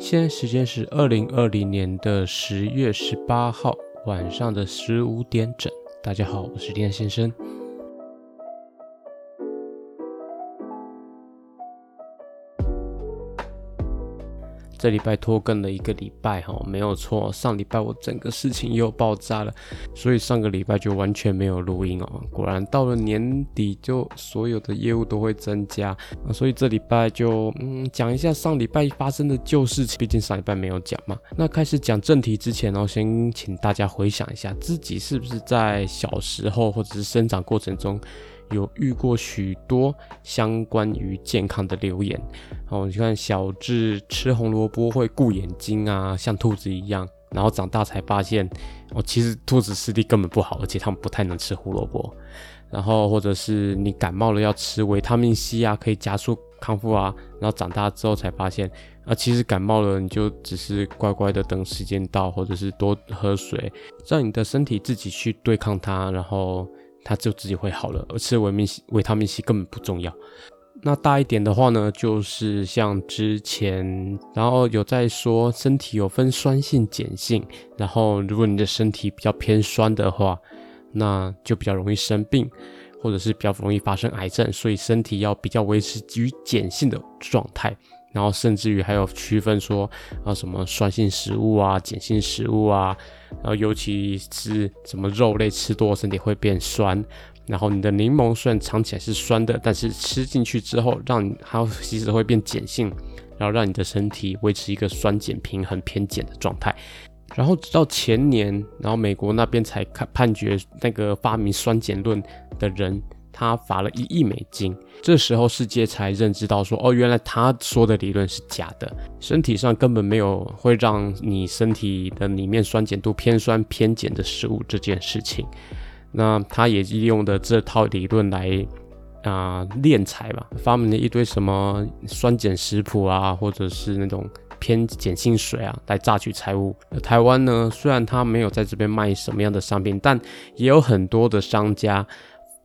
現在時間是二零二零年的十月十八號晚上的十五點整。大家好，我是丁家先生。這禮拜拖更了一個禮拜哈，沒有錯。上禮拜我整個事情又爆炸了，所以上個禮拜就完全沒有錄音哦。果然到了年底就所有的業務都會增加，所以這禮拜就嗯講一下上禮拜發生的舊事情，畢竟上禮拜沒有講嘛。那開始講正題之前呢，先請大家回想一下自己是不是在小時候或者是生長過程中。有遇過許多相關於健康的流言，哦，你看小智吃紅蘿蔔會顧眼睛啊，像兔子一樣，然後長大才發現，哦，其實兔子視力根本不好，而且他們不太能吃胡蘿蔔。然後或者是你感冒了要吃維他命 C 啊，可以加速康復啊，然後長大之後才發現，啊，其實感冒了你就只是乖乖的等時間到，或者是多喝水，讓你的身體自己去對抗它，然後。它就自己會好了，而吃維命維他命 C 根本不重要。那大一點的話呢，就是像之前，然後有在說身體有分酸性、鹼性，然後如果你的身體比較偏酸的話，那就比較容易生病，或者是比較容易發生癌症，所以身體要比較維持基於鹼性的狀態。然後甚至於還有區分說，啊什麼酸性食物啊、鹼性食物啊，然後尤其是什麼肉類吃多身體會變酸，然後你的檸檬雖然嘗起來是酸的，但是吃進去之後讓你它其實會變鹼性，然後讓你的身體維持一個酸鹼平衡偏鹼的狀態。然後直到前年，然後美國那邊才判判決那個發明酸鹼論的人，他罰了一億美金，這時候世界才認知到說，說哦，原來他說的理論是假的，身體上根本沒有會讓你身體的裡面酸鹼度偏酸偏鹼的食物這件事情。那他也利用的這套理論來啊斂、呃、財吧，發明了一堆什麼酸鹼食譜啊，或者是那種偏鹼性水啊，來榨取財物。台灣呢，雖然他沒有在這邊賣什麼樣的商品，但也有很多的商家。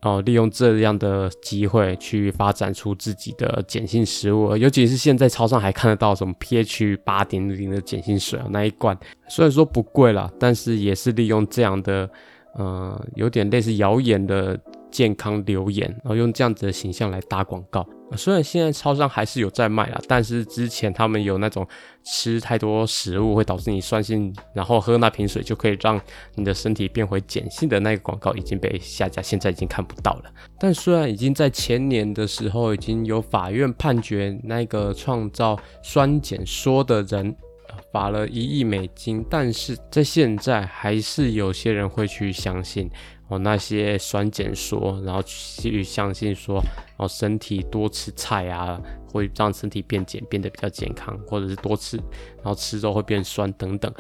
哦，利用這樣的機會去發展出自己的鹼性食物，尤其是現在超商還看得到什麼 pH 八點零的鹼性水啊那一罐，雖然說不貴啦，但是也是利用這樣的，呃，有點類似謠言的。健康流言，然後用這樣子的形象來打廣告。呃，雖然現在超商還是有在賣啦，但是之前他們有那種吃太多食物會導致你酸性，然後喝那瓶水就可以讓你的身體變回鹼性的那個廣告已經被下架，現在已經看不到了。但雖然已經在前年的時候已經有法院判決那個創造酸鹼說的人，呃，罰了一億美金，但是在現在還是有些人會去相信，哦，那些酸鹼說，然後去相信說，哦，身體多吃菜啊，會讓身體變鹼，變得比較健康，或者是多吃，然後吃之後會變酸等等。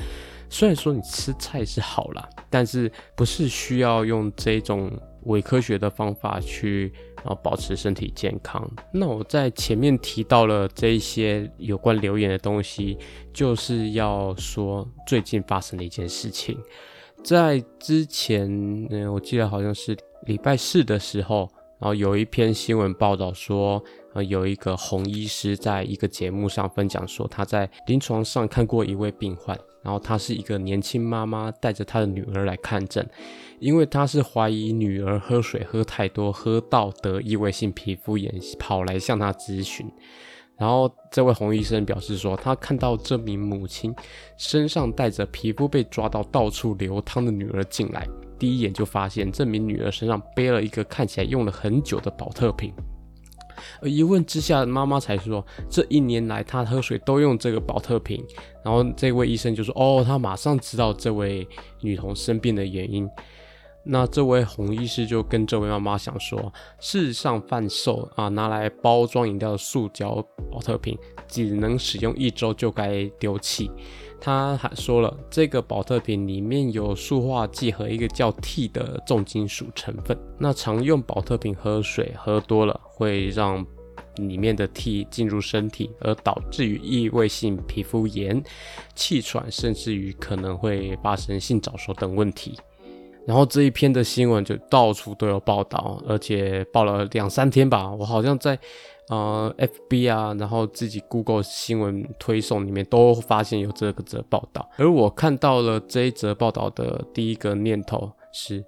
雖然說你吃菜是好啦，但是不是需要用這種偽科學的方法去，然後保持身體健康？那我在前面提到了這一些有關謠言的東西，就是要說最近發生的一件事情。在之前，嗯，我記得好像是禮拜四的時候，然後有一篇新聞報道說，有一個洪醫師在一個節目上分享說，他在臨床上看過一位病患，然後他是一個年輕媽媽帶着她的女兒來看診，因為他是懷疑女兒喝水喝太多，喝到得異位性皮膚炎，跑來向他諮詢。然後，這位紅醫生表示說，他看到這名母親身上帶着皮膚被抓到到處流湯的女兒進來，第一眼就發現這名女兒身上背了一個看起來用了很久的寶特瓶。而一問之下，媽媽才說，這一年來她喝水都用這個寶特瓶。然後，這位醫生就說：“哦，他馬上知道這位女童生病的原因。”那這位洪醫師就跟這位媽媽，想說，市上販售啊，拿來包裝飲料的塑膠寶特瓶，只能使用一周就該丟棄。他還說了，這個寶特瓶裡面有塑化劑和一個叫 T 的重金屬成分。那常用寶特瓶喝水喝多了，會讓裡面的 T 進入身體，而導致於異位性皮膚炎、氣喘，甚至於可能會發生性早熟等問題。然後這一篇的新聞就到處都有報道，而且報了兩三天吧。我好像在呃 FB 啊，然後自己 Google 新聞推送裡面都發現有這個則報道。而我看到了這一則報道的第一個念頭是：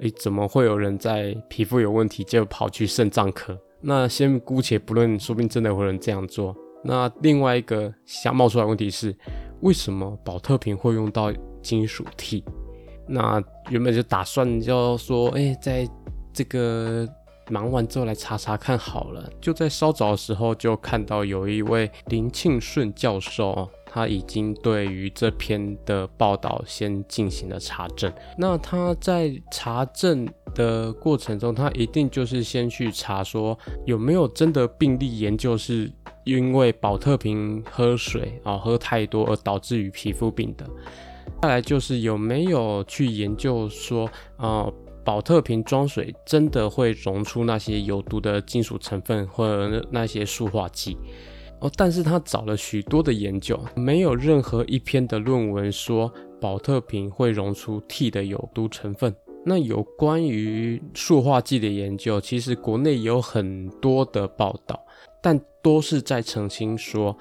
誒，怎麼會有人在皮膚有問題就跑去腎臟科？那先姑且不論，說不定真的有人這樣做。那另外一個想冒出來的問題是：為什麼寶特瓶會用到金屬銻？那原本就打算要說，哎、欸，在這個忙完之後來查查看好了，就在稍早的時候就看到有一位林慶順教授，他已經對於這篇的報道先進行了查證。那他在查證的過程中，他一定就是先去查說有沒有真的病例研究，是因為寶特瓶喝水啊、哦、喝太多而導致於皮膚病的。再來就是有沒有去研究說，呃，寶特瓶裝水真的會溶出那些有毒的金屬成分或者那些塑化劑？哦，但是他找了許多的研究，沒有任何一篇的論文說寶特瓶會溶出 T 的有毒成分。那有關於塑化劑的研究，其實國內有很多的報道，但都是在澄清說。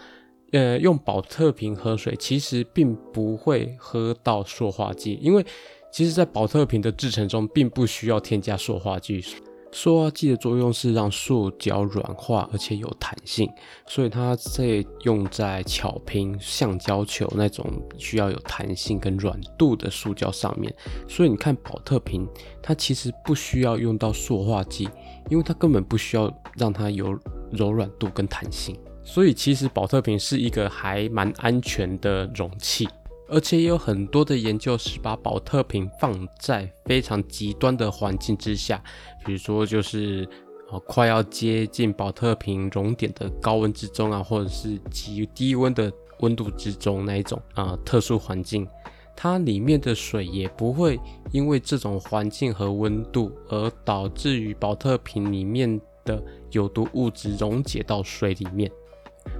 呃，用寶特瓶喝水其實並不會喝到塑化劑，因為其實在寶特瓶的製程中並不需要添加塑化劑。塑化劑的作用是讓塑膠軟化而且有彈性，所以它在用在巧拼、橡膠球那種需要有彈性跟軟度的塑膠上面。所以你看寶特瓶，它其實不需要用到塑化劑，因為它根本不需要讓它有柔軟度跟彈性。所以其實寶特瓶是一個還蠻安全的容器，而且也有很多的研究是把寶特瓶放在非常極端的環境之下，比如說就是呃快要接近寶特瓶熔點的高溫之中啊，或者是極低溫的溫度之中那一種啊特殊環境，它裡面的水也不會因為這種環境和溫度而導致於寶特瓶裡面的有毒物質溶解到水裡面。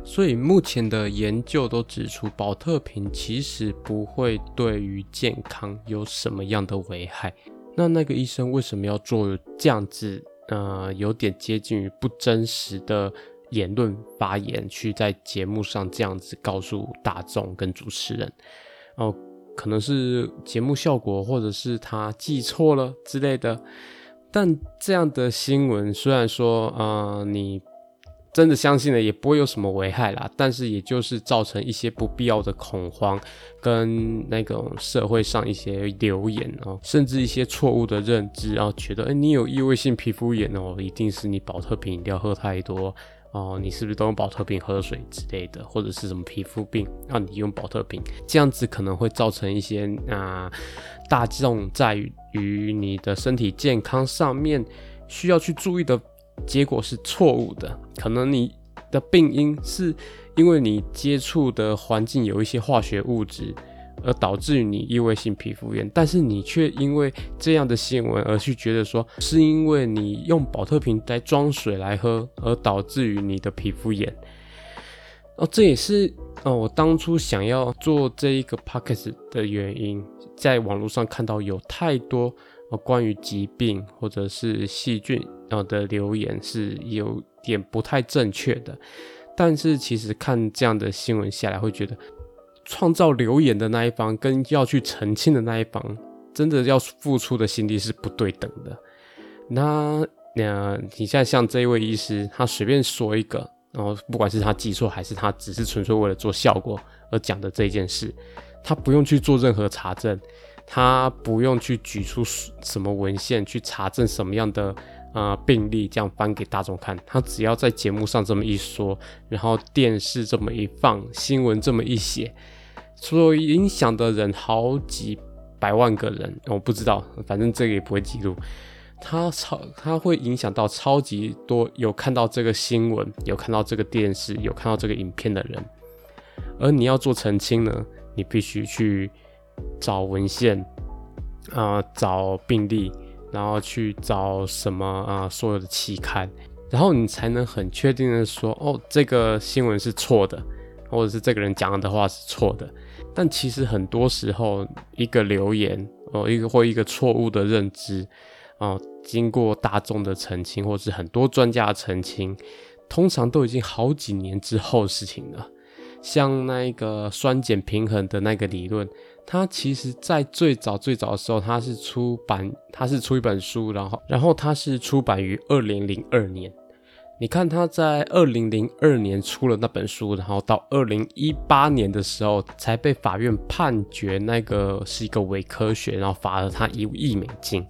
所以目前的研究都指出，寶特瓶其實不會對於健康有什麼樣的危害。那那個醫生為什麼要做這樣子，呃，有點接近於不真實的言論發言，去在節目上這樣子告訴大眾跟主持人？哦、呃，可能是節目效果，或者是他記錯了之類的。但這樣的新聞，雖然說，呃，你。真的相信了，也不會有什麼危害啦。但是，也就是造成一些不必要的恐慌，跟那種社會上一些流言哦，甚至一些錯誤的認知啊，覺得哎、欸，你有異位性皮膚炎哦，一定是你寶特瓶飲料喝太多哦，你是不是都用寶特瓶喝水之類的，或者是什麼皮膚病，讓、啊、你用寶特瓶，這樣子可能會造成一些啊，大眾在於你的身體健康上面需要去注意的。結果是錯誤的，可能你的病因是因為你接觸的環境有一些化學物質，而導致於你異位性皮膚炎，但是你卻因為這樣的新聞而去覺得說是因為你用保特瓶來裝水來喝而導致於你的皮膚炎。哦，這也是哦，我當初想要做這一個 podcast 的原因，在網絡上看到有太多。關於疾病或者是細菌啊的流言是有點不太正確的，但是其實看這樣的新聞下來，會覺得創造流言的那一方跟要去澄清的那一方，真的要付出的心力是不對等的。那那你現在像這一位醫師，他隨便說一個，然後不管是他記錯，還是他只是純粹為了做效果而講的這件事，他不用去做任何查證。他不用去舉出什麼文獻去查證什麼樣的啊、呃、病例，這樣翻給大眾看。他只要在節目上這麼一說，然後電視這麼一放，新聞這麼一寫，所影響的人好幾百萬個人。我、哦、不知道，反正這個也不會記錄。他超他會影響到超級多有看到這個新聞、有看到這個電視、有看到這個影片的人。而你要做澄清呢，你必須去。找文獻啊、呃，找病例，然後去找什麼啊、呃，所有的期刊，然後你才能很確定的說，哦，這個新聞是錯的，或者是這個人講的話是錯的。但其實很多時候，一個流言，哦、呃，一個或一個錯誤的認知，啊、呃，經過大眾的澄清，或者是很多專家的澄清，通常都已經好幾年之後的事情了。像那個酸鹼平衡的那個理論。他其實，在最早最早的時候，他是出版，他是出一本書，然後，然後他是出版於二零零二年。你看，他在二零零二年出了那本書，然後到二零一八年的時候，才被法院判決那個是一個偽科學，然後罰了他一億美金。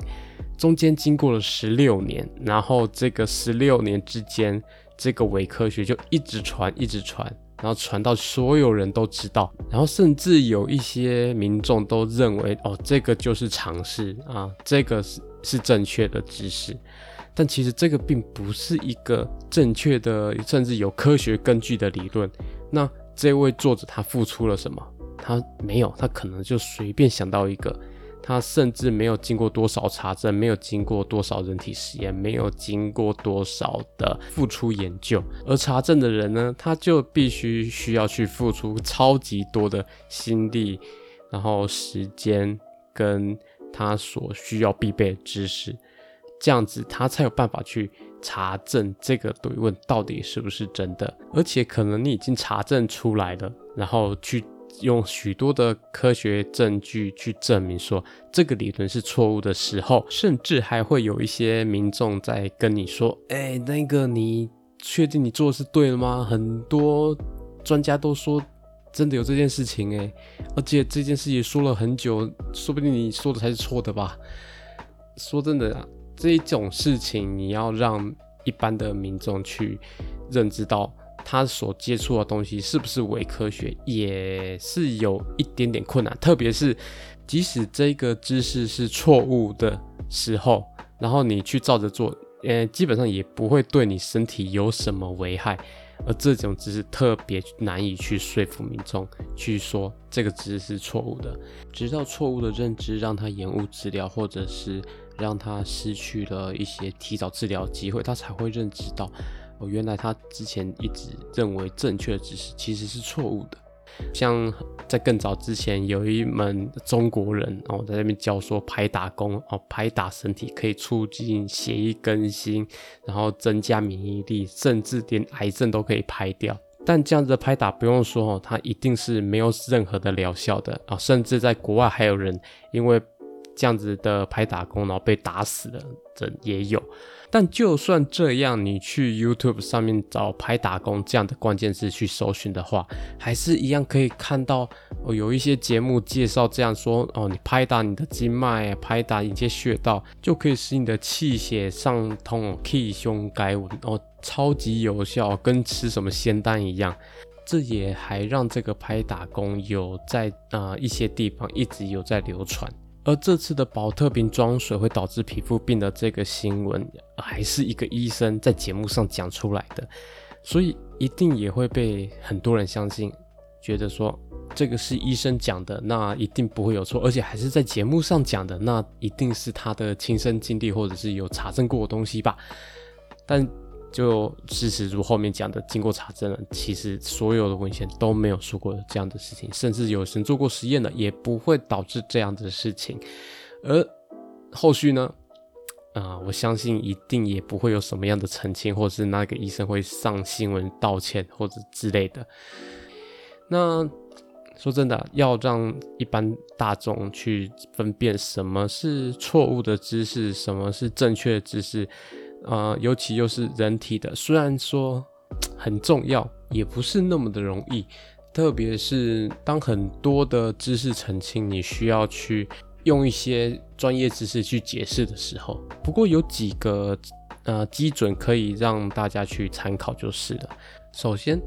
中間經過了十六年，然後這個十六年之間，這個偽科學就一直傳，一直傳。然後傳到所有人都知道，然後甚至有一些民眾都認為，哦，這個就是常識啊，這個是是正確的知識。但其實這個並不是一個正確的，甚至有科學根據的理論。那這位作者他付出了什麼？他沒有，他可能就隨便想到一個。他甚至沒有經過多少查證，沒有經過多少人體實驗，沒有經過多少的付出研究，而查證的人呢，他就必須需要去付出超級多的心力，然後時間跟他所需要必備的知識，這樣子他才有辦法去查證這個懟問到底是不是真的，而且可能你已經查證出來了，然後去。用許多的科學證據去證明說這個理論是錯誤的時候，甚至還會有一些民眾在跟你說：“欸，那個你確定你做的是對的嗎？”很多專家都說真的有這件事情欸，而且這件事情說了很久，說不定你說的才是錯的吧？說真的，這一種事情你要讓一般的民眾去認知到。他所接觸的東西是不是偽科學，也是有一點點困難。特別是，即使這個知識是錯誤的時候，然後你去照着做，呃，基本上也不會對你身體有什麼危害。而這種知識特別難以去說服民眾去說這個知識是錯誤的，直到錯誤的認知讓他延誤治療，或者是讓他失去了一些提早治療機會，他才會認知到。哦，原來他之前一直認為正確的知識其實是錯誤的，像在更早之前有一門中國人哦，在那邊教說拍打功哦，拍打身體可以促進血液更新，然後增加免疫力，甚至連癌症都可以拍掉。但這樣子的拍打不用說哦，它一定是沒有任何的療效的啊，甚至在國外還有人因為。這樣子的拍打功，然後被打死了，這也有。但就算這樣，你去 YouTube 上面找“拍打功”這樣的關鍵字去搜尋的話，還是一樣可以看到哦，有一些節目介紹這樣說：哦，你拍打你的經脈，拍打一些穴道，就可以使你的氣血上通，氣胸改穩，哦，超級有效，跟吃什麼仙丹一樣。這也還讓這個拍打功有在啊、呃、一些地方一直有在流傳。而這次的寶特瓶裝水會導致皮膚病的這個新聞，還是一個醫生在節目上講出來的，所以一定也會被很多人相信，覺得說這個是醫生講的，那一定不會有錯，而且還是在節目上講的，那一定是他的親身經歷或者是有查證過的東西吧。但就事實如後面講的，經過查證了，其實所有的文獻都沒有說過這樣的事情，甚至有人做過實驗的，也不會導致這樣的事情。而後續呢，啊、呃，我相信一定也不會有什麼樣的澄清，或者是那個醫生會上新聞道歉或者之類的。那說真的，要讓一般大眾去分辨什麼是錯誤的知識，什麼是正確的知識。呃，尤其又是人體的，雖然說很重要，也不是那麼的容易。特別是當很多的知識澄清，你需要去用一些專業知識去解釋的時候。不過有幾個呃基準可以讓大家去參考就是了。首先，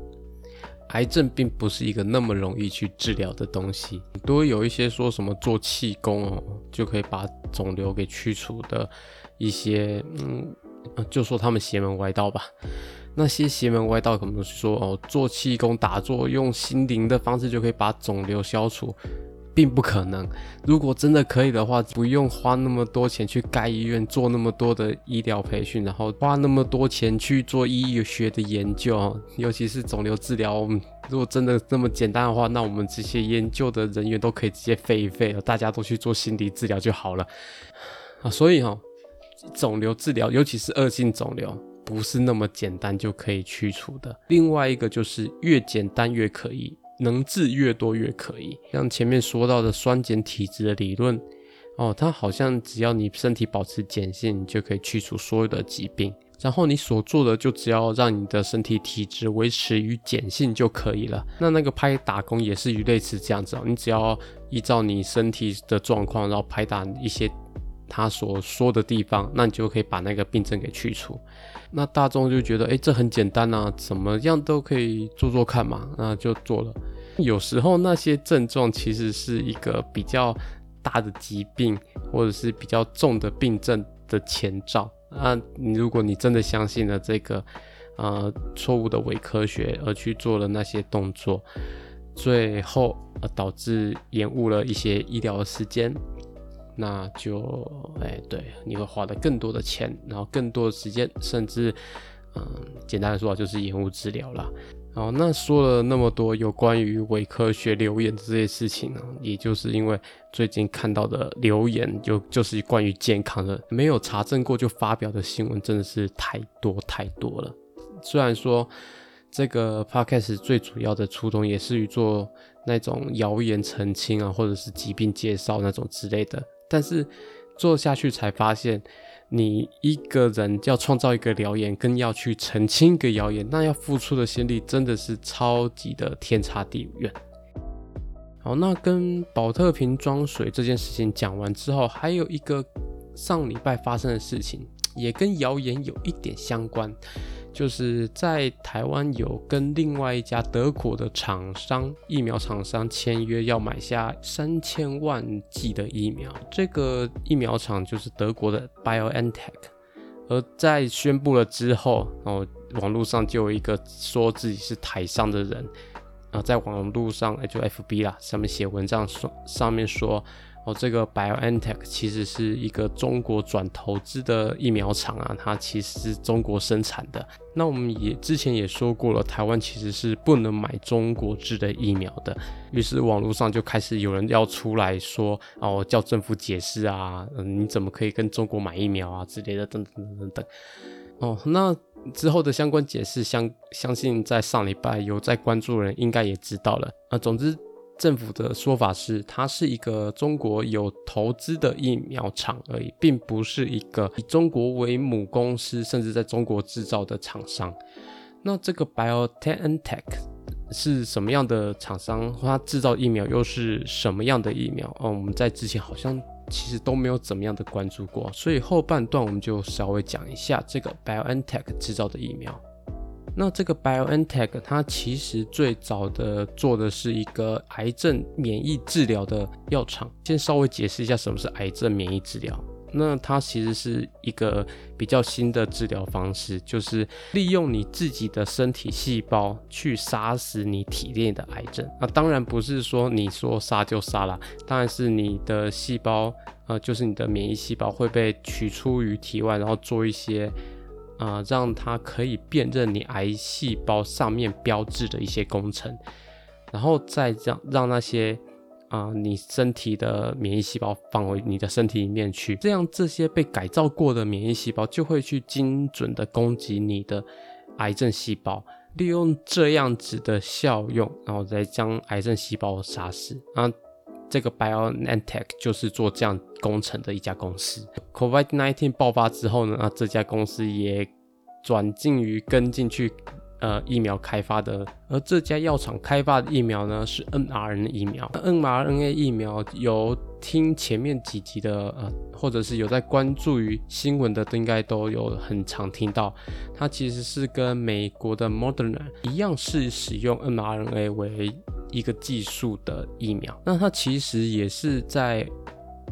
癌症並不是一個那麼容易去治療的東西，很多有一些說什麼做氣功就可以把腫瘤給去除的一些嗯。就說他們邪門歪道吧，那些邪門歪道可能說哦，做氣功、打坐，用心靈的方式就可以把腫瘤消除，並不可能。如果真的可以的話，不用花那麼多錢去蓋醫院、做那麼多的醫療培訓，然後花那麼多錢去做醫學的研究，尤其是腫瘤治療，我們如果真的那麼簡單的話，那我們這些研究的人員都可以直接廢一廢了，大家都去做心理治療就好了。啊，所以哈、哦。腫瘤治療，尤其是惡性腫瘤，不是那麼簡單就可以去除的。另外一個就是越簡單越可以，能治越多越可以。像前面說到的酸鹼體質的理論，哦，它好像只要你身體保持鹼性，你就可以去除所有的疾病。然後你所做的就只要讓你的身體體質維持於鹼性就可以了。那那個拍打功也是與類似這樣子、哦，你只要依照你身體的狀況，然後拍打一些。他所說的地方，那你就可以把那個病症給去除。那大眾就覺得，哎，這很簡單呐、啊，怎麼樣都可以做做看嘛，那就做了。有時候那些症狀其實是一個比較大的疾病或者是比較重的病症的前兆。那你如果你真的相信了這個呃錯誤的偽科學而去做了那些動作，最後，呃，導致延誤了一些醫療的時間。那就哎、欸，對，你會花的更多的錢，然後更多的時間，甚至嗯，簡單的說啊，就是延誤治療啦。然後，哦，那說了那麼多有關於偽科學、流言的這些事情呢、啊？也就是因為最近看到的流言就，就就是關於健康的，沒有查證過就發表的新聞，真的是太多太多了。雖然說這個 podcast 最主要的初衷也是於做那種謠言澄清啊，或者是疾病介紹那種之類的。但是做下去才發現，你一個人要創造一個謠言，跟要去澄清一個謠言，那要付出的心力真的是超級的天差地遠。好，那跟寶特瓶裝水這件事情講完之後，還有一個上禮拜發生的事情。也跟謠言有一點相關，就是在台灣有跟另外一家德國的廠商、疫苗廠商簽約，要買下三千萬劑的疫苗。這個疫苗廠就是德國的 BioNTech。而在宣布了之後，哦，網絡上就有一個說自己是台商的人，啊，在網絡上就 FB 啦，上面寫文章說，上面說。哦，這個 BioNTech 其實是一個中國轉投資的疫苗廠啊，它其實是中國生產的。那我們也之前也說過了，台灣其實是不能買中國製的疫苗的。於是網絡上就開始有人要出來說，哦，叫政府解釋啊，嗯，你怎麼可以跟中國買疫苗啊之類的，等等等等等。哦，那之後的相關解釋，相相信在上禮拜有在關注的人應該也知道了。那、啊、總之。政府的說法是，它是一個中國有投資的疫苗廠而已，並不是一個以中國為母公司，甚至在中國製造的廠商。那這個 BioNTech 是什麼樣的廠商？它製造疫苗又是什麼樣的疫苗？啊、嗯，我們在之前好像其實都沒有怎麼樣的關注過，所以後半段我們就稍微講一下這個 BioNTech 製造的疫苗。那這個 BioNTech 它其實最早的做的是一個癌症免疫治療的藥廠。先稍微解釋一下什麼是癌症免疫治療。那它其實是一個比較新的治療方式，就是利用你自己的身體細胞去殺死你體內的癌症。那當然不是說你說殺就殺啦，當然是你的細胞，呃，就是你的免疫細胞會被取出於體外，然後做一些。啊、呃，讓它可以辨認你癌細胞上面標誌的一些工程，然後再讓讓那些啊、呃、你身體的免疫細胞放回你的身體裡面去，這樣這些被改造過的免疫細胞就會去精準的攻擊你的癌症細胞，利用這樣子的效用，然後再將癌症細胞殺死啊。這個 BioNTech 就是做這樣工程的一家公司。COVID-19 爆發之後呢，那這家公司也轉進於跟進去。呃，疫苗開發的，而這家藥廠開發的疫苗呢，是 mRNA 疫苗。那 mRNA 疫苗有聽前面幾集的，呃，或者是有在關注於新聞的，應該都有很常聽到。它其實是跟美國的 Moderna 一樣，是使用 mRNA 為一個技術的疫苗。那它其實也是在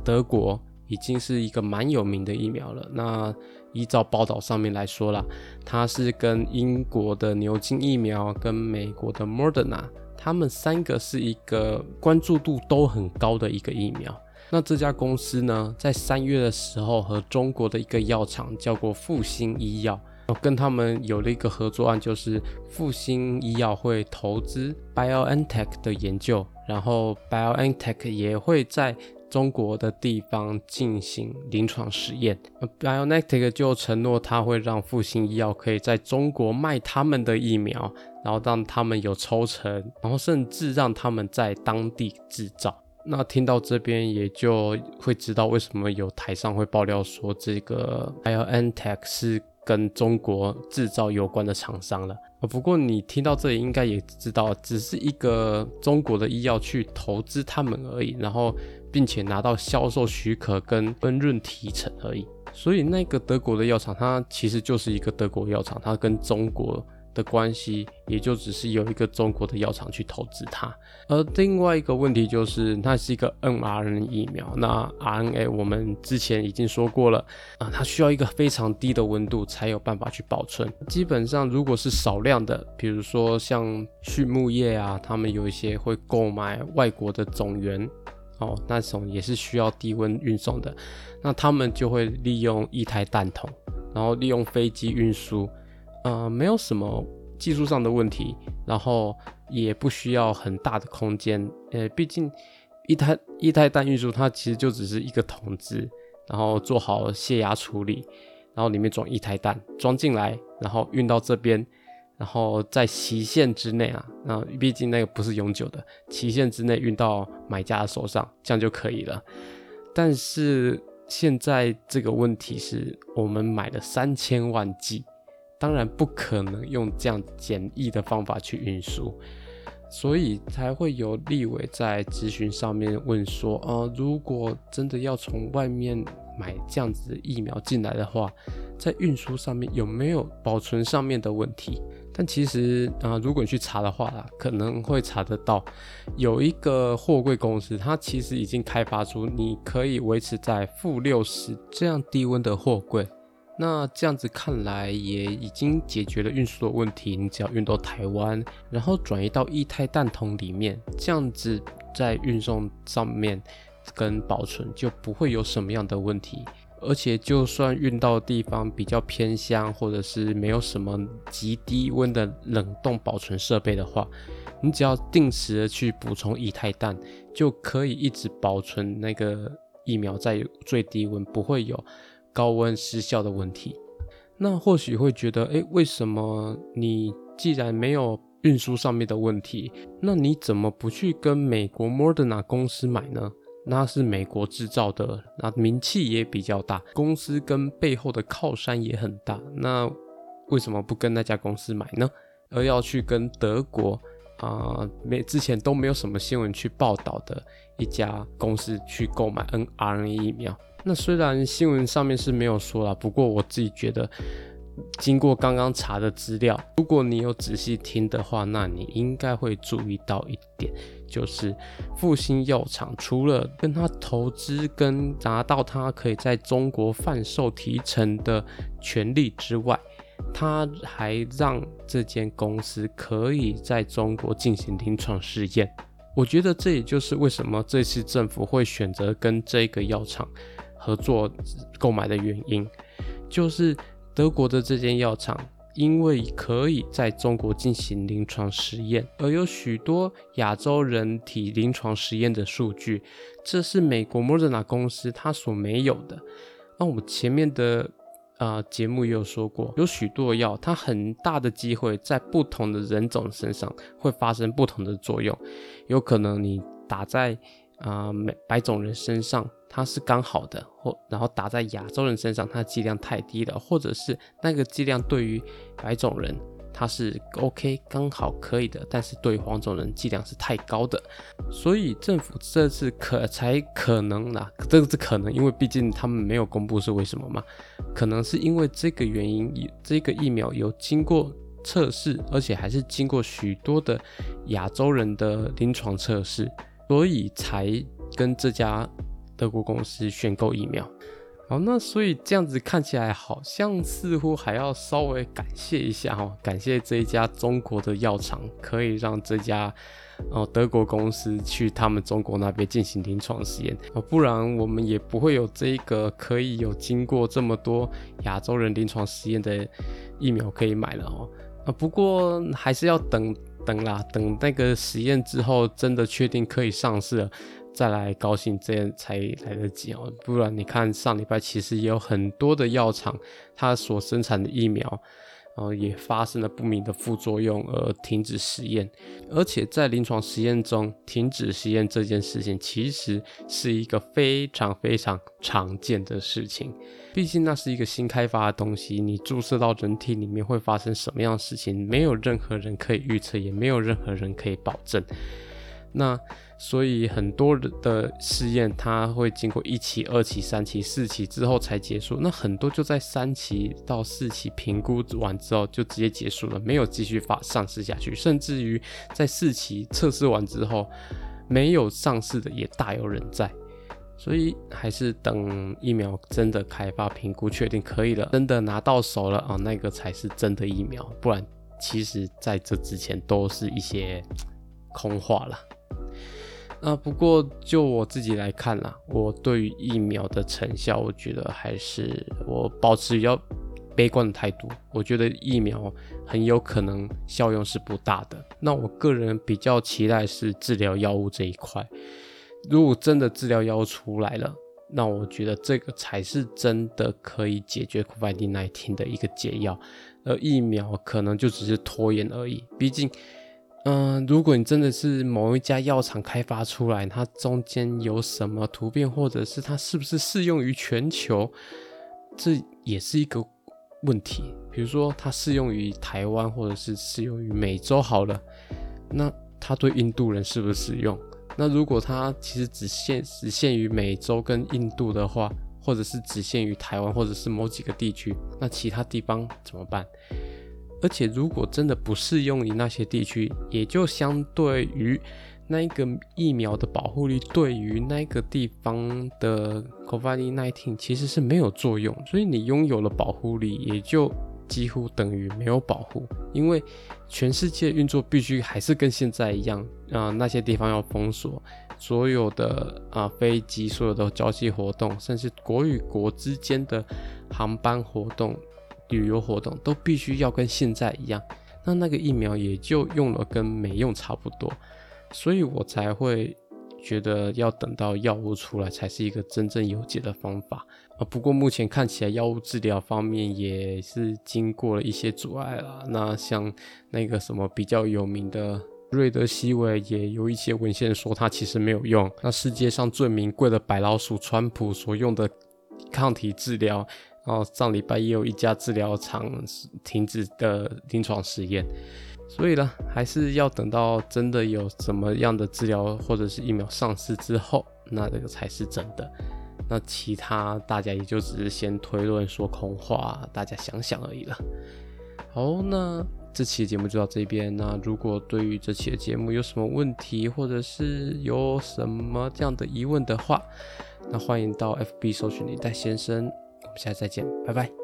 德國已經是一個蠻有名的疫苗了。那依照報道上面來說了，它是跟英國的牛津疫苗、跟美國的莫德納，他們三個是一個關注度都很高的一個疫苗。那這家公司呢，在三月的時候和中國的一個藥廠叫做復興醫藥，跟他們有了一個合作案，就是復興醫藥會投資 BioNTech 的研究，然後 BioNTech 也會在。中國的地方進行臨床實驗，BioNTech 就承諾他會讓復星醫藥可以在中國賣他們的疫苗，然後讓他們有抽成，然後甚至讓他們在當地制造。那聽到這邊也就會知道為什麼有台商會爆料說這個 BioNTech 是跟中國制造有關的廠商了。不過你聽到這裡應該也知道，只是一個中國的醫藥去投資他們而已，然後。並且拿到銷售許可跟分潤提成而已。所以那個德國的藥廠，它其實就是一個德國藥廠，它跟中國的關係也就只是有一個中國的藥廠去投資它。而另外一個問題就是，那是一個 mRNA 疫苗，那 RNA 我們之前已經說過了啊，它需要一個非常低的溫度才有辦法去保存。基本上如果是少量的，比如說像畜牧業啊，他們有一些會購買外國的種源。哦，那種也是需要低溫運送的，那他們就會利用液態氮桶，然後利用飛機運輸，呃，沒有什麼技術上的問題，然後也不需要很大的空間，呃，畢竟液態、液態氮運輸它其實就只是一個筒子，然後做好洩壓處理，然後裡面裝液態氮，裝進來，然後運到這邊。然後在期限之內啊，那畢竟那個不是永久的，期限之內運到買家的手上，這樣就可以了。但是現在這個問題是我們買了三千萬劑，當然不可能用這樣簡易的方法去運輸，所以才會有立委在質詢上面問說，呃，如果真的要從外面。買這樣子的疫苗進來的話，在運輸上面有沒有保存上面的問題？但其實啊、呃，如果你去查的話啦，可能會查得到，有一個貨櫃公司，它其實已經開發出你可以維持在負六十這樣低溫的貨櫃。那這樣子看來也已經解決了運輸的問題。你只要運到台灣，然後轉移到液態氮桶裡面，這樣子在運送上面。跟保存就不會有什麼樣的問題，而且就算運到的地方比較偏鄉，或者是沒有什麼極低溫的冷凍保存設備的話，你只要定時的去補充液態氮就可以一直保存那個疫苗在最低溫，不會有高溫失效的問題。那或許會覺得，誒、欸，為什麼你既然沒有運輸上面的問題，那你怎麼不去跟美國 Moderna 公司買呢？那是美國製造的，那名氣也比較大，公司跟背後的靠山也很大。那為什麼不跟那家公司買呢？而要去跟德國啊，沒、呃、之前都沒有什麼新聞去報道的一家公司去購買 N R N 疫苗。那雖然新聞上面是沒有說啦，不過我自己覺得。經過剛剛查的資料，如果你有仔細聽的話，那你應該會注意到一點，就是復興藥廠除了跟他投資、跟拿到他可以在中國販售提成的權利之外，他還讓這間公司可以在中國進行臨床試驗。我覺得這也就是為什麼這次政府會選擇跟這個藥廠合作購買的原因，就是。德國的這間藥廠因為可以在中國進行臨床實驗，而有許多亞洲人體臨床實驗的數據，這是美國 Moderna 公司它所沒有的、啊。那我們前面的啊、呃、節目也有說過，有許多藥它很大的機會在不同的人種身上會發生不同的作用，有可能你打在。啊、呃，美白種人身上它是剛好的，或然後打在亞洲人身上，它劑量太低了，或者是那個劑量對於白種人它是 OK 剛好可以的，但是對黃種人劑量是太高的，所以政府這次可才可能啦、啊，這個是可能，因為畢竟他們沒有公布是為什麼嘛，可能是因為這個原因，這個疫苗有經過測試，而且還是經過許多的亞洲人的臨床測試。所以才跟這家德國公司選購疫苗。好，那所以這樣子看起來好像似乎還要稍微感謝一下哈、喔，感謝這一家中國的藥廠，可以讓這家哦德國公司去他們中國那邊進行臨床實驗哦，不然我們也不會有這一個可以有經過這麼多亞洲人臨床實驗的疫苗可以買了哦。啊，不過還是要等。等啦，等那個實驗之後，真的確定可以上市了，再來高興，這樣才來得及哦。不然你看，上禮拜其實也有很多的藥廠，它所生產的疫苗。然後也發生了不明的副作用，而停止實驗。而且在臨床實驗中，停止實驗這件事情其實是一個非常非常常見的事情。畢竟那是一個新開發的東西，你注射到人體裡面會發生什麼樣的事情，沒有任何人可以預測，也沒有任何人可以保證。那所以很多的試驗，它會經過一期、二期、三期、四期之後才結束。那很多就在三期到四期評估完之後就直接結束了，沒有繼續發上市下去。甚至於在四期測試完之後沒有上市的也大有人在。所以還是等疫苗真的開發評估確定可以了，真的拿到手了啊，那個才是真的疫苗。不然，其實在這之前都是一些空話了。啊，不過就我自己來看啦，我對於疫苗的成效，我覺得還是我保持比較悲觀的態度。我覺得疫苗很有可能效用是不大的。那我個人比較期待是治療藥物這一塊。如果真的治療藥物出來了，那我覺得這個才是真的可以解決 COVID-19 的一個解藥。而疫苗可能就只是拖延而已。畢竟。嗯、呃，如果你真的是某一家藥廠開發出來，它中間有什麼突變，或者是它是不是適用於全球，這也是一個問題。比如說，它適用於台灣，或者是適用於美洲，好了，那它對印度人是不是適用？那如果它其實只限只限於美洲跟印度的話，或者是只限於台灣，或者是某幾個地區，那其他地方怎麼辦？而且，如果真的不適用於那些地區，也就相對於那一個疫苗的保護力，對於那一個地方的 COVID-19 其實是沒有作用。所以，你擁有了保護力，也就幾乎等於沒有保護。因為全世界運作必須還是跟現在一樣，啊、呃，那些地方要封鎖所有的啊、呃、飛機、所有的交際活動，甚至國與國之間的航班活動。旅游活動都必須要跟現在一樣，那那個疫苗也就用了跟沒用差不多，所以我才會覺得要等到藥物出來才是一個真正有解的方法啊。不過目前看起來藥物治療方面也是經過了一些阻礙了。那像那個什麼比較有名的瑞德西韋，也有一些文獻說它其實沒有用。那世界上最名貴的白老鼠川普所用的抗體治療。然後上禮拜也有一家治療廠停止的臨床實驗，所以呢，還是要等到真的有什麼樣的治療或者是疫苗上市之後，那這個才是真的。那其他大家也就只是先推論說空話，大家想想而已了。好，那這期節目就到這邊。那如果對於這期的節目有什麼問題，或者是有什麼這樣的疑問的話，那歡迎到 FB 搜尋李代先生。我們下次再見，拜拜。